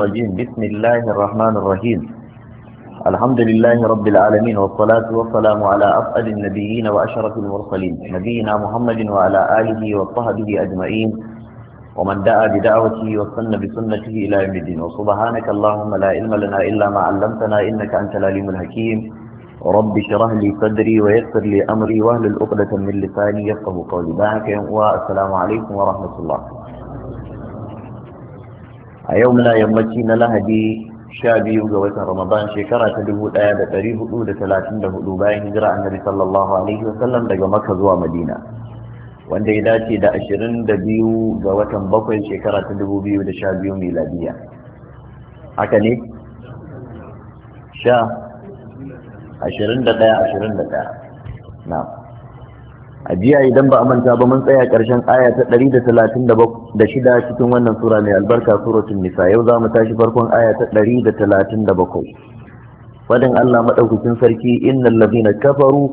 الرجيم بسم الله الرحمن الرحيم الحمد لله رب العالمين والصلاة والسلام على أفأل النبيين وأشرف المرسلين نبينا محمد وعلى آله وصحبه أجمعين ومن دعا بدعوته وصن بسنته إلى يوم الدين وسبحانك اللهم لا علم لنا إلا ما علمتنا إنك أنت العليم الحكيم رب اشرح لي صدري ويسر لي أمري واهل الأقدة من لساني يفقه قولي بارك والسلام عليكم ورحمة الله a yau muna yammaci na lahadi sha biyu ga watan ramadan shekara ta dubu daya da dari hudu da talatin da hudu bayan hijira annabi sallallahu alaihi wasallam daga maka zuwa madina wanda ya dace da ashirin da biyu ga watan bakwai shekara ta dubu biyu da sha biyu miladiya haka ne sha ashirin da daya ashirin da daya na a jiya idan ba a manta ba mun tsaya ƙarshen aya ta 136 cikin wannan sura mai albarka suratul nisa yau za mu tashi farkon aya ta 137 wadin Allah madaukakin sarki innal ladina kafaru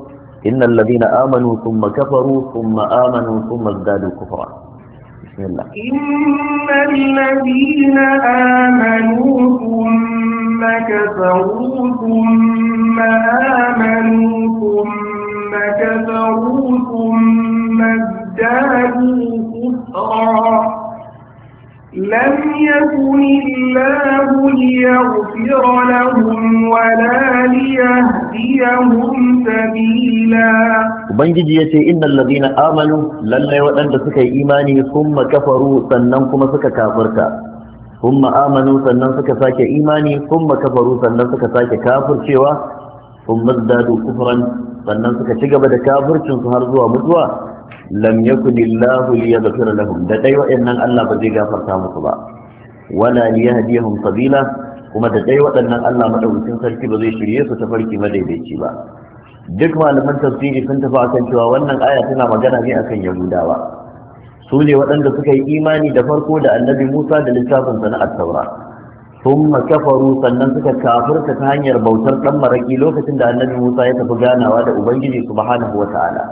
innal ladina amanu thumma kafaru thumma amanu thumma zadu kufra bismillah innal ladina amanu عباده كفرا لم يكن الله ليغفر لهم ولا ليهديهم سبيلا Ubangiji ya ce inna allazina amanu lallai waɗanda suka yi imani summa kafaru sannan kuma suka kafirta sun amanu sannan suka sake imani summa kafaru sannan suka sake kafircewa summa zadu kufran sannan suka ci gaba da kafircin su har zuwa mutuwa lam yakun illahu liyaghfira lahum da dai waɗannan Allah ba zai gafarta musu ba wala liyahdihum sabila kuma da dai waɗannan Allah madaukakin sarki ba zai shirye su ta farki madaidaici ba duk malaman tafsiri sun tafi akan cewa wannan aya tana magana ne akan yahudawa su ne waɗanda suka yi imani da farko da annabi Musa da littafin na at-taura ثم sannan suka kafirta ta hanyar bautar dan maraki lokacin da annabi Musa ya tafi ganawa da ubangiji subhanahu ta'ala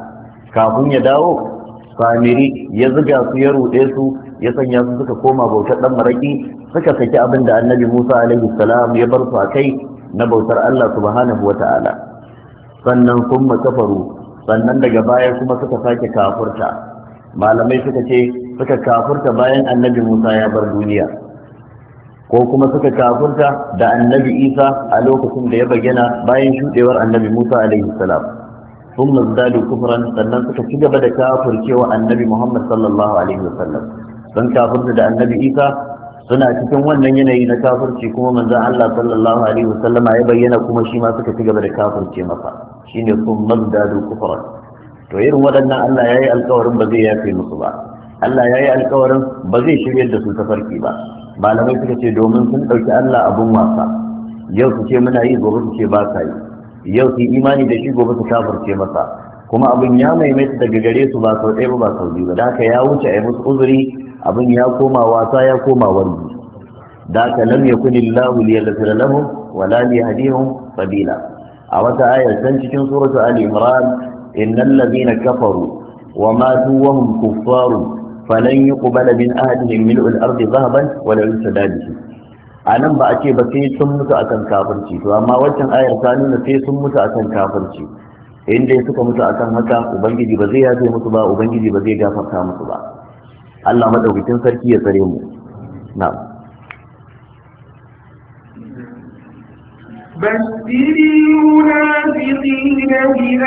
kafin ya dawo samiri ya ziga su ya ruɗe su ya sanya su suka koma bautar dan maraki suka saki abin da annabi Musa alaihi salam ya bar su a kai na bautar Allah subhanahu wata'ala sannan sun kafaru sannan daga baya kuma suka sake kafurta malamai suka ce suka kafurta bayan annabi Musa ya bar duniya ko kuma suka kafurta da annabi Isa a lokacin da ya bayyana bayan shuɗewar annabi Musa alaihi salam ثم ازدادوا كفرا sannan suka ci gaba da kafircewa annabi Muhammad sallallahu alaihi wasallam sun kafirta da annabi Isa suna cikin wannan yanayi na kafirci kuma manzon Allah sallallahu alaihi wasallama ya bayyana kuma shi ma suka ci gaba da kafirce masa shine sun mazdadu kufran to irin waɗannan Allah yayi alƙawarin ba zai yafe musu ba Allah yayi alƙawarin ba zai shiryar da su ta farki ba malamai suka ce domin sun ɗauki Allah abun wasa yau su ce muna yi gobe su ce ba sa yi yau su imani da shi gobe su kafirce masa kuma abin ya maimaita daga gare su ba sau ɗaya ba ba sau biyu ba da haka ya wuce a yi musu uzuri abin ya koma wasa ya koma wargi da haka lam yakun illahu liyaghfir lahum wa la liyahdihum sabila a wata ayar can cikin suratu ali imran innal ladina kafaru wa matu wa kuffaru, kuffarun falan yuqbala min ahadihim mil'ul ardi dhahaban wa la a nan ba a ce ba sai sun mutu akan kafirci to amma wancan ayar ta nuna sai sun mutu akan kafirci inda suka mutu akan haka ubangiji ba zai yafe musu ba ubangiji ba zai gafarta musu ba Allah madaukakin sarki ya tsare mu na'am بشر المنافقين بأن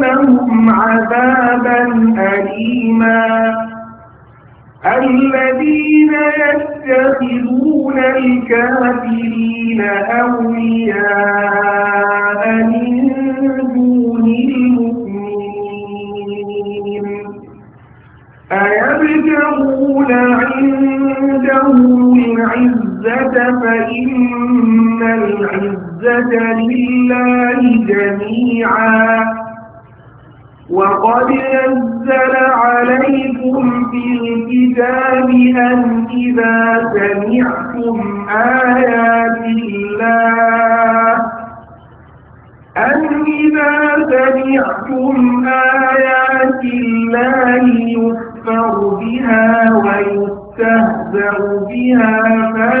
لهم عذابا أليما الذين يتخذون الكافرين أولياء من دون المؤمنين أيبتغون عندهم العزة فإن العزة لله جميعا وقد نزل عليكم في الكتاب أن إذا سمعتم آيات الله أن إذا سمعتم آيات الله يكفر بها ويستهزأ بها فلا